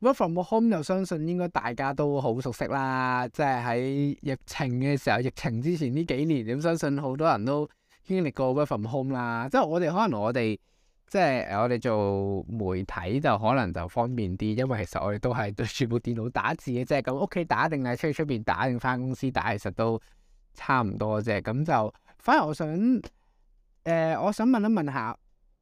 Work from home 就相信應該大家都好熟悉啦，即係喺疫情嘅時候、疫情之前呢幾年，咁相信好多人都經歷過 work from home 啦。即係我哋可能我哋即係我哋做媒體就可能就方便啲，因為其實我哋都係對住部電腦打字嘅啫。咁屋企打定，喺出去出邊打定，翻公司打，其實都差唔多啫。咁就反而我想，誒、呃，我想問一問一下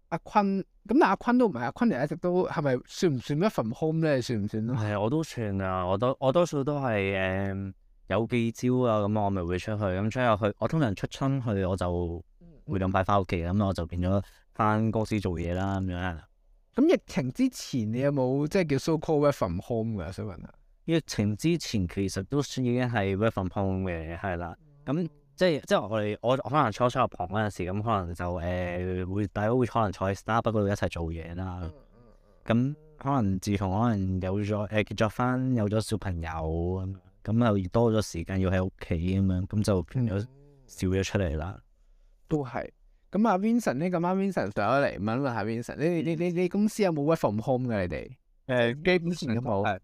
阿坤。咁、嗯、阿坤都唔係，阿坤咧一直都係咪算唔算 work from home 咧？算唔算咧？係，我都算啊！我都我多數都係誒、uh，有幾招啊，咁我咪會出去咁，出入去。嗯、我通常出親去我就會咁快翻屋企，咁我就變咗翻公司做嘢啦咁樣。咁疫情之前你有冇即係叫 so called work from home 㗎？想問下。疫情之前其實都算已經係 work from home 嘅，係啦。咁、嗯。嗯即係即係我哋我可能初初入行嗰陣時咁可能就誒、呃、會大家會可能坐喺 Starbucks 嗰度一齊做嘢啦，咁、嗯嗯嗯、可能自從可能有咗誒、呃、結咗婚有咗小朋友咁，嗯嗯嗯嗯嗯、又多咗時間要喺屋企咁樣，咁就變咗少咗出嚟啦。都係。咁阿、啊、Vincent 咧，今晚 Vincent 上咗嚟問，問一問下 Vincent，你你你你，你公司有冇 work from home 嘅你哋？誒、呃，基本上都冇。嗯嗯嗯嗯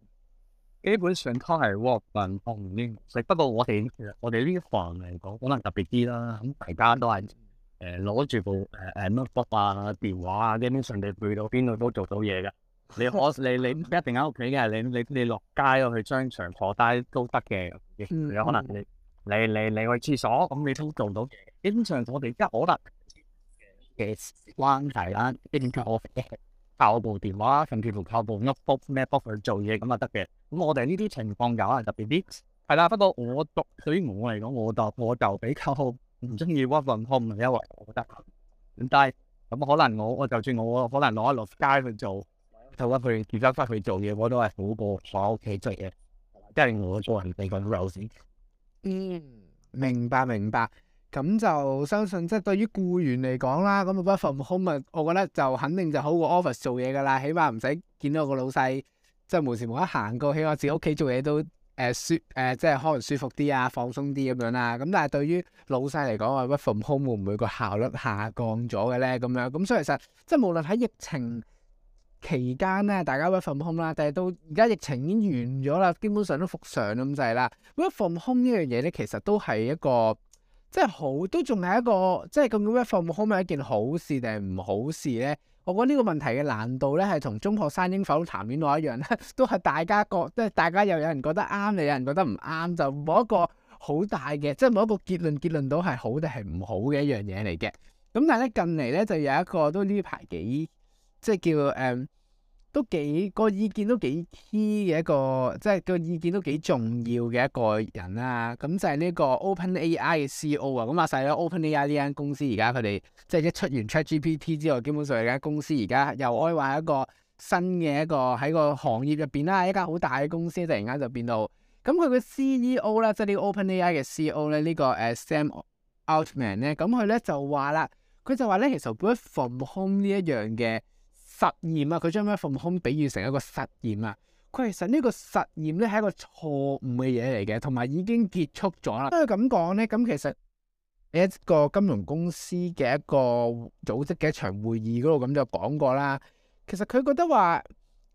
基本上都係 work from home 不過我哋呢，我哋呢啲房嚟講可能特別啲啦。咁大家都係誒攞住部誒 notebook 啊、電話啊，基本上你去到邊度都做到嘢嘅。你可你你唔一定喺屋企嘅，你你你落街去商場坐低都得嘅。嗯，有可能你你你你去廁所咁你都做到嘅。基本上我哋而家可能嘅關係啦，變咗。靠部電話，甚至乎靠部 notebook 咩 book 去做嘢咁就得嘅。咁我哋呢啲情況又係特別啲，係啦。不過我對對於我嚟講，我就我就比較唔中意 work from home，因為我覺得。但係咁可能我我就算我可能攞一落街去做，做一佢而家翻去做嘢，我都係好過坐喺屋企做嘢，即係我個人比較 lazy，嗯，明白明白。咁就相信即係對於僱員嚟講啦，咁啊 w e r k from home 啊，我覺得就肯定就好過 office 做嘢噶啦，起碼唔使見到個老細，即係無時無刻行過，起碼自己屋企做嘢都誒舒誒即係可能舒服啲啊，放鬆啲咁樣啦。咁但係對於老細嚟講啊 work from home 會唔會個效率下降咗嘅咧？咁樣咁所以其實即係無論喺疫情期間咧，大家 work from home 啦，但係到而家疫情已經完咗啦，基本上都復常咁就係啦。work from home 呢樣嘢咧，其實都係一個。即係好都仲係一個，即係咁樣一放可唔可以係一件好事定係唔好事咧？我覺得呢個問題嘅難度咧，係同中學生應否談戀愛一樣咧，都係大家覺，即係大家又有人覺得啱，又有人覺得唔啱，就冇一個好大嘅，即係冇一個結論結論到係好定係唔好嘅一樣嘢嚟嘅。咁但係咧近嚟咧就有一個都呢排幾即係叫誒。Um, 都幾個意見都幾 key 嘅一個，即係個意見都幾重要嘅一個人啦、啊。咁、嗯、就係、是、呢個 OpenAI 嘅 CEO、啊。咁、嗯、話晒啦 OpenAI 呢間公司而家佢哋即係一出完 ChatGPT 之後，基本上而家公司而家又可以話一個新嘅一個喺個行業入邊啦，一間好大嘅公司突然間就變到。咁、嗯、佢個 CEO 啦、啊，即係呢、這個 OpenAI 嘅 CEO 咧，啊、呢個 Sam Altman 咧，咁佢咧就話啦，佢就話咧，其實 Work From Home 呢一樣嘅實驗啊，佢將咩服務空比喻成一個實驗啊，佢其實呢個實驗咧係一個錯誤嘅嘢嚟嘅，同埋已經結束咗啦。因為咁講咧，咁其實喺一個金融公司嘅一個組織嘅一場會議嗰度咁就講過啦。其實佢覺得話，誒、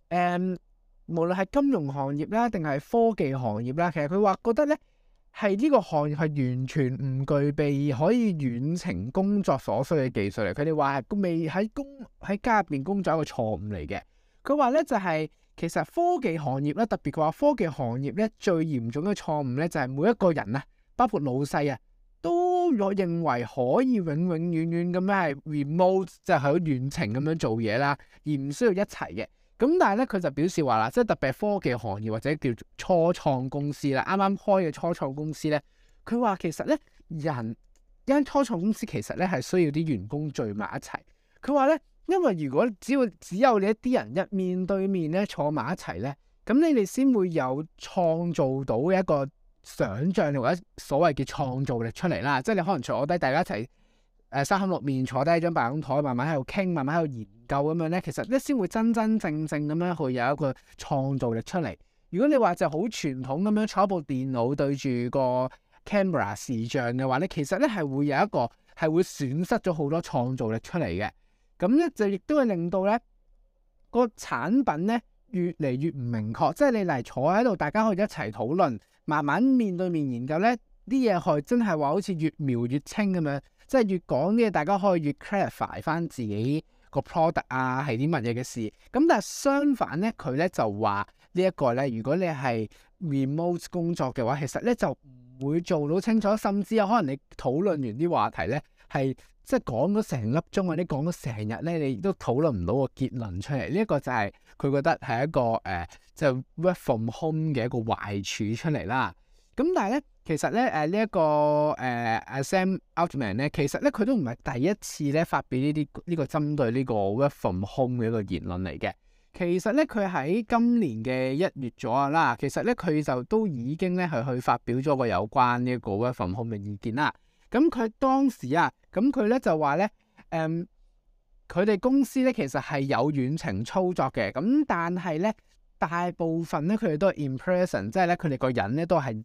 嗯，無論係金融行業啦，定係科技行業啦，其實佢話覺得咧。係呢個行業係完全唔具備可以遠程工作所需嘅技術嚟，佢哋話係未喺工喺家入邊工作一個錯誤嚟嘅。佢話咧就係、是、其實科技行業咧，特別話科技行業咧最嚴重嘅錯誤咧就係每一個人啊，包括老細啊，都我認為可以永永遠遠咁樣係 remote 就係喺遠程咁樣做嘢啦，而唔需要一齊嘅。咁但係咧，佢就表示話啦，即係特別科技行業或者叫初創公司啦，啱啱開嘅初創公司咧，佢話其實咧，人一間初創公司其實咧係需要啲員工聚埋一齊。佢話咧，因為如果只要只有你一啲人一面對面咧坐埋一齊咧，咁你哋先會有創造到一個想像力或者所謂嘅創造力出嚟啦。即係你可能坐低大家一齊誒、呃、三口六面坐低喺張辦公枱，慢慢喺度傾，慢慢喺度研，慢慢夠咁樣咧，其實咧先會真真正正咁樣去有一個創造力出嚟。如果你話就好傳統咁樣坐部電腦對住個 camera 視像嘅話，你其實咧係會有一個係會損失咗好多創造力出嚟嘅。咁咧就亦都會令到咧個產品咧越嚟越唔明確。即係你嚟坐喺度，大家可以一齊討論，慢慢面對面研究咧啲嘢，係真係話好似越描越清咁樣。即係越講啲嘢，大家可以越 clarify 翻自己。個 product 啊，係啲乜嘢嘅事？咁但係相反咧，佢咧就話呢一個咧，如果你係 remote 工作嘅話，其實咧就唔會做到清楚，甚至有可能你討論完啲話題咧，係即係講咗成粒鐘，或者講咗成日咧，你都討論唔到個結論出嚟。呢一個就係佢覺得係一個誒，即係 work from home 嘅一個壞處出嚟啦。咁但係咧。其實咧，誒、這個呃、呢一個誒 Sam Altman 咧，其實咧佢都唔係第一次咧發表呢啲呢個針對呢個 Work From Home 嘅一個言論嚟嘅。其實咧，佢喺今年嘅一月左右啦，其實咧佢就都已經咧係去，去發表咗個有關呢個 Work From Home 嘅意見啦。咁、嗯、佢當時啊，咁佢咧就話咧，誒佢哋公司咧其實係有遠程操作嘅，咁但係咧大部分咧佢哋都係 impression，即係咧佢哋個人咧都係。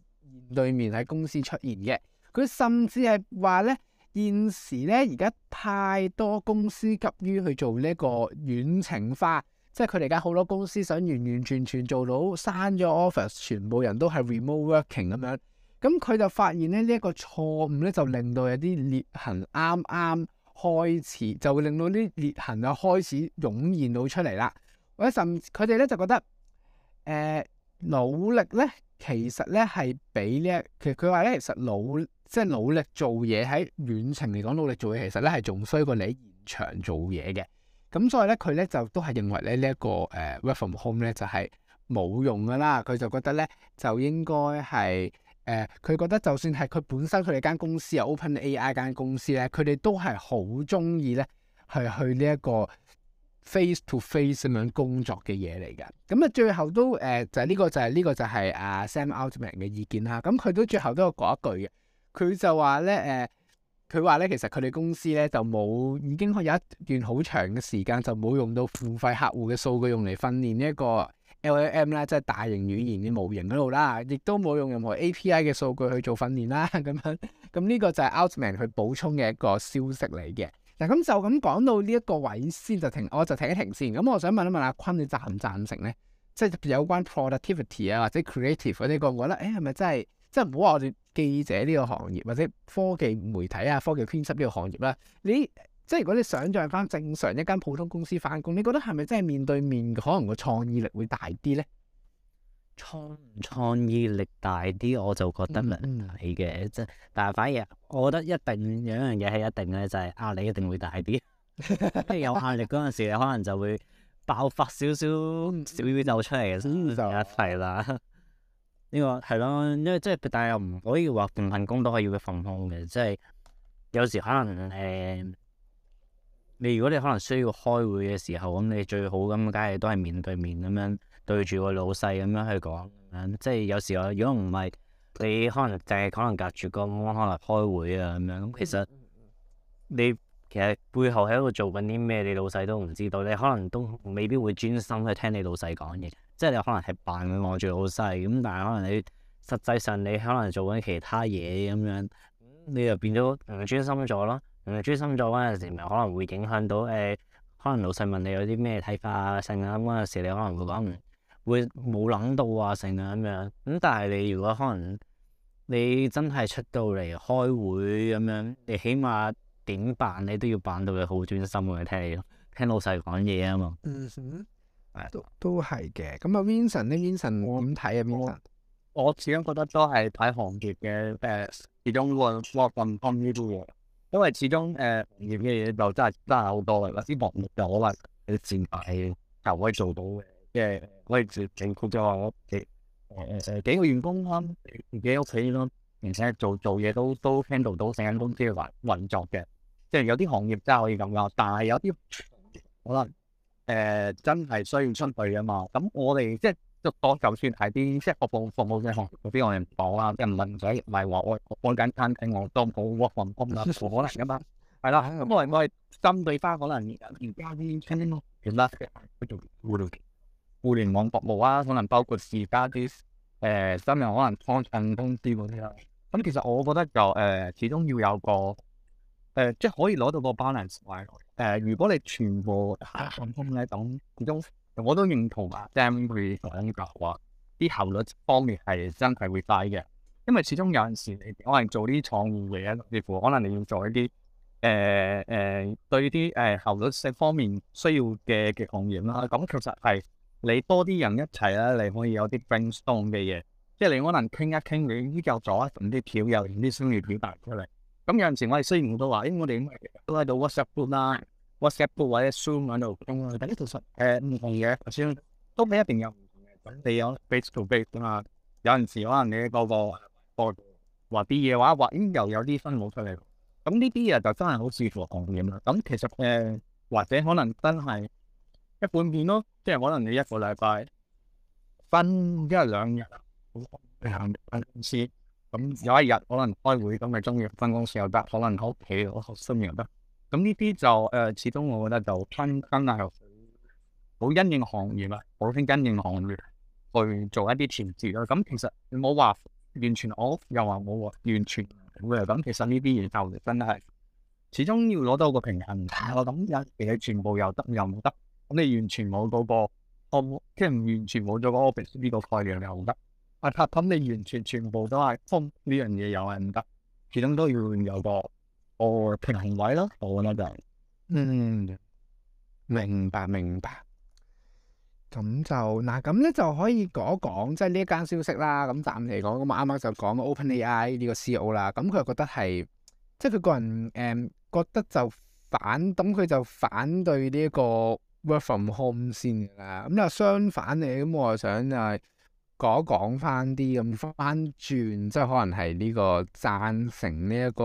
對面喺公司出現嘅，佢甚至係話咧，現時咧而家太多公司急於去做呢一個遠程化，即係佢哋而家好多公司想完完全全做到刪咗 Office，全部人都係 remote working 咁樣，咁佢就發現咧呢一個錯誤咧，就令到有啲裂痕啱啱開始，就會令到啲裂痕啊開始湧現到出嚟啦。或者甚，佢哋咧就覺得誒。呃努力咧，其實咧係比呢一，其實佢話咧，其實努即係努力做嘢喺遠程嚟講，努力做嘢其實咧係仲衰過你喺現場做嘢嘅。咁所以咧，佢咧就都係認為咧呢一個誒 Work from Home 咧就係冇用㗎喇。佢就覺得咧就應該係誒，佢覺得就算係佢本身佢哋間公司有 OpenAI 間公司咧，佢哋都係好鍾意咧係去呢一個，face-to-face 咁樣工作嘅嘢嚟㗎，咁啊最後都誒、呃、就係呢個就係、是、呢、這個就係阿、啊、Sam Altman 嘅意見啦。咁、嗯、佢都最後都有講一句嘅，佢就話咧誒，佢話咧其實佢哋公司咧就冇已經有一段好長嘅時間就冇用到付費客戶嘅數據用嚟訓練呢一個 LLM 啦，即係大型語言嘅模型嗰度啦，亦都冇用任何 API 嘅數據去做訓練啦。咁樣咁呢個就係 Altman 去補充嘅一個消息嚟嘅。嗱，咁就咁講到呢一個位先就停，我就停一停先。咁我想問一問阿坤，你贊唔贊成咧？即係有關 productivity 啊，或者 creative 嗰啲、嗰個，我覺得，誒係咪真係，即係唔好話我哋記者呢個行業，或者科技媒體啊、科技編輯呢個行業啦，你即係如果你想像返正常一間普通公司返工，你覺得係咪真係面對面可能個創意力會大啲咧？創創意力大啲，我就覺得能睇嘅，即係，但係反而我覺得一定有一樣嘢係一定咧，就係壓力一定會大啲。即係有壓力嗰陣時，你可能就會爆發少少小宇宙出嚟，嘅，就一齊啦。呢個係咯，因為即係，但係又唔可以話定份工都可以放空嘅，即係有時可能誒，你如果你可能需要開會嘅時候，咁你最好咁，梗係都係面對面咁樣。對住個老細咁樣去講，即係有時我如果唔係你可，可能淨係可能隔住個門可能開會啊咁樣。咁其實你其實背後喺度做緊啲咩，你老細都唔知道。你可能都未必會專心去聽你老細講嘢，即係你可能係扮望住老細咁，但係可能你實際上你可能做緊其他嘢咁樣，你又變咗唔專心咗咯。唔專心咗嗰陣時，咪可能會影響到誒、呃，可能老細問你有啲咩睇法啊、成啊嗰陣時，你可能會講會冇諗到啊，成日咁樣，咁、嗯、但係你如果可能，你真係出到嚟開會咁樣，你起碼點辦你都要辦到佢好專心去聽你，聽老細講嘢啊嘛。嗯，都、啊、都係嘅。咁啊，Vincent 咧，Vincent 點睇啊 Vincent？我始終覺得都係睇行業嘅，best。始終運劃分分呢度嘢，因為始終誒行業嘅嘢就真係真係好多啦。啲薄目就可能你啲蝕底，又可以做到嘅。即係我哋自情況咗我幾誒誒幾個員工啦，自己屋企咯，而且做做嘢都都 handle 到成間公司運運作嘅。即係有啲行業真係可以咁噶，但係有啲可能誒真係需要出去啊嘛。咁我哋即係當就算係啲即係服務服務嘅行業，我哋唔講啦，即係唔使唔係話我我間餐廳我當冇個份工啦，冇可能噶嘛。係啦，咁我哋針對翻可能而家啲咩？互聯網服務啊，可能包括自家啲誒新人可能創訊公司嗰啲啦。咁、 嗯、其實我覺得就誒、呃，始終要有個誒、呃，即係可以攞到個 balance 翻、呃、如果你全部集、 啊、中咧，等始終我都認同、嗯、啊。Demry 嘅話，啲效率方面係真係會低嘅，因為始終有陣時你可能做啲創意嘢啦，似乎可能你要做一啲誒誒對啲誒、呃、效率性方面需要嘅嘅行業啦。咁確實係。你多啲人一齊啦，你可以有啲 brainstorm 嘅嘢，即係你可能傾一傾，你又左一啲票，又啲需要表達出嚟。咁有陣時我哋雖然我都話，因為我哋都喺度 WhatsApp 啦、WhatsApp 或者 Zoom 喺度，咁啊，但係其實誒唔同嘅，雖然都係一定有唔同嘅，咁你有 face to face 啊，有陣時可能你嗰個話啲嘢話，話，咦，又有啲分享出嚟，咁呢啲啊就真係好舒服同點啦。咁其實誒，或者可能真係。一半面咯，即係可能你一個禮拜分，即係兩日行分公司咁，有一日可能開會咁嘅中意分公司又得，可能喺屋企我做心嘢又得。咁呢啲就誒，始終我覺得就分，真係好因應行業啊，好因應行業去做一啲調節啊。咁其實冇話完全，我又話冇話完全咁嘅。咁其實呢啲嘢就真係始終要攞到個平衡我咁有嘢全部又得又冇得。咁你完全冇到、那個，即係唔完全冇咗個 office。呢個概念你又得，係拍品你完全全部都係封呢樣嘢，有人得始終都要有、那個個、oh, 平衡位啦。我得就嗯明白明白咁就嗱，咁咧就可以講一講，即係呢一間消息啦。咁暫時嚟講，咁我啱啱就講 OpenAI 呢個 CEO 啦。咁佢覺得係即係佢個人誒、嗯、覺得就反，咁佢就反對呢、這個。Work from home 先啦、嗯，咁又相反你咁、嗯、我又想就係講一講、嗯、翻啲咁翻轉，即係可能係呢個贊成呢、這、一個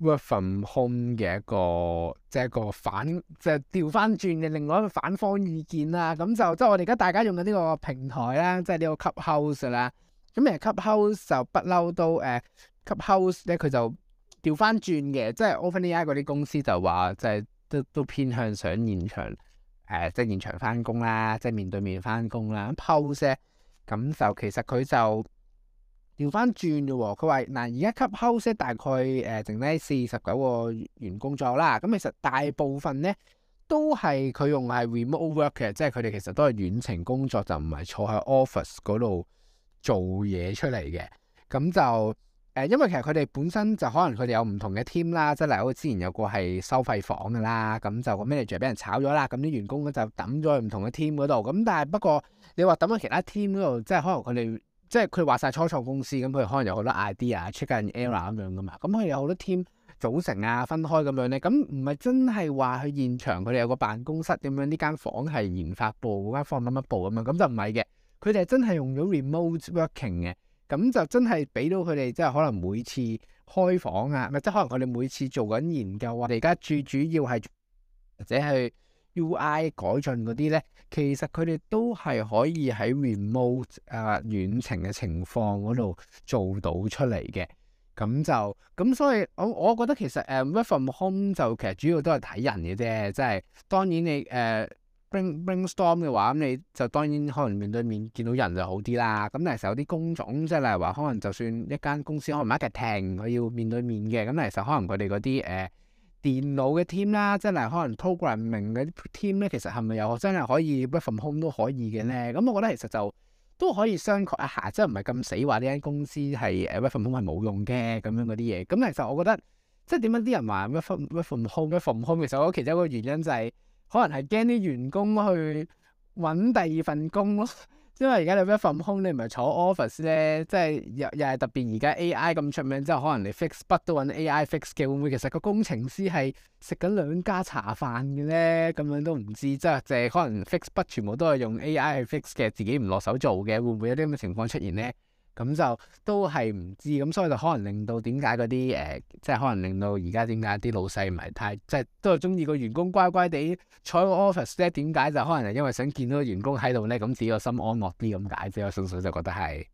work from home 嘅一個，即係一個反，即係調翻轉嘅另外一個反方意見啦。咁、啊、就、嗯、即係我哋而家大家用緊呢個平台啦，即係呢個 Clubhouse 啦、啊。咁其實 Clubhouse 就不嬲都誒、啊、Clubhouse 咧，佢就調翻轉嘅，即係 OpenAI 嗰啲公司就話就係。即都都偏向上現場，誒、呃，即係現場翻工啦，即係面對面翻工啦。咁 Poste 咁就其實佢就調翻轉嘅喎，佢話嗱，而家給 Poste 大概誒、呃、剩低四十九個員工咋啦，咁其實大部分咧都係佢用係 remote work 嘅，即係佢哋其實都係遠程工作，就唔係坐喺 office 嗰度做嘢出嚟嘅，咁就。誒，因為其實佢哋本身就可能佢哋有唔同嘅 team 啦，即係例如之前有個係收費房嘅啦，咁就個 manager 俾人炒咗啦，咁啲員工咁就抌咗去唔同嘅 team 嗰度。咁但係不過你話抌去其他 team 嗰度，即係可能佢哋即係佢話晒初創公司，咁佢哋可能有好多 idea check 下啲 error 咁樣噶嘛。咁佢哋有好多 team 組成啊、分開咁樣咧，咁唔係真係話去現場，佢哋有個辦公室咁樣，呢間房係研發部，嗰間房係乜乜部咁樣，咁就唔係嘅。佢哋係真係用咗 remote working 嘅。咁就真係俾到佢哋，即係可能每次開房啊，咪即係可能佢哋每次做緊研究啊，而家最主要係或者係 UI 改進嗰啲咧，其實佢哋都係可以喺 remote 啊、呃、遠程嘅情況嗰度做到出嚟嘅。咁就咁，所以我我覺得其實誒 work from home 就其實主要都係睇人嘅啫，即係當然你誒，呃 bring brainstorm 嘅話，咁你就當然可能面對面見到人就好啲啦。咁但係其實有啲工種，即係例如話，可能就算一間公司可能 marketing，佢要面對面嘅。咁其實可能佢哋嗰啲誒電腦嘅 team 啦，即係可能 programming 嘅 team 咧，其實係咪又真係可以 work from home 都可以嘅咧？咁我覺得其實就都可以商榷一下，啊、即係唔係咁死話呢間公司係誒 work from home 係冇用嘅咁樣嗰啲嘢。咁其實我覺得即係點解啲人話 work from home，work from home 其實我其中一個原因就係、是。可能係驚啲員工去揾第二份工咯，因為而家你一份工你唔係坐 office 咧，即係又又係特別而家 AI 咁出名之後，可能你 fix 筆都揾 AI fix 嘅，會唔會其實個工程師係食緊兩家茶飯嘅咧？咁樣都唔知，即係可能 fix 筆全部都係用 AI 去 fix 嘅，自己唔落手做嘅，會唔會有啲咁嘅情況出現咧？咁就都係唔知，咁所以就可能令到點解嗰啲誒，即係可能令到而家點解啲老細唔係太即係都係中意個員工乖乖地坐個 office 咧？點解就可能係因為想見到個員工喺度咧，咁自己個心安樂啲咁解啫。我純粹就覺得係。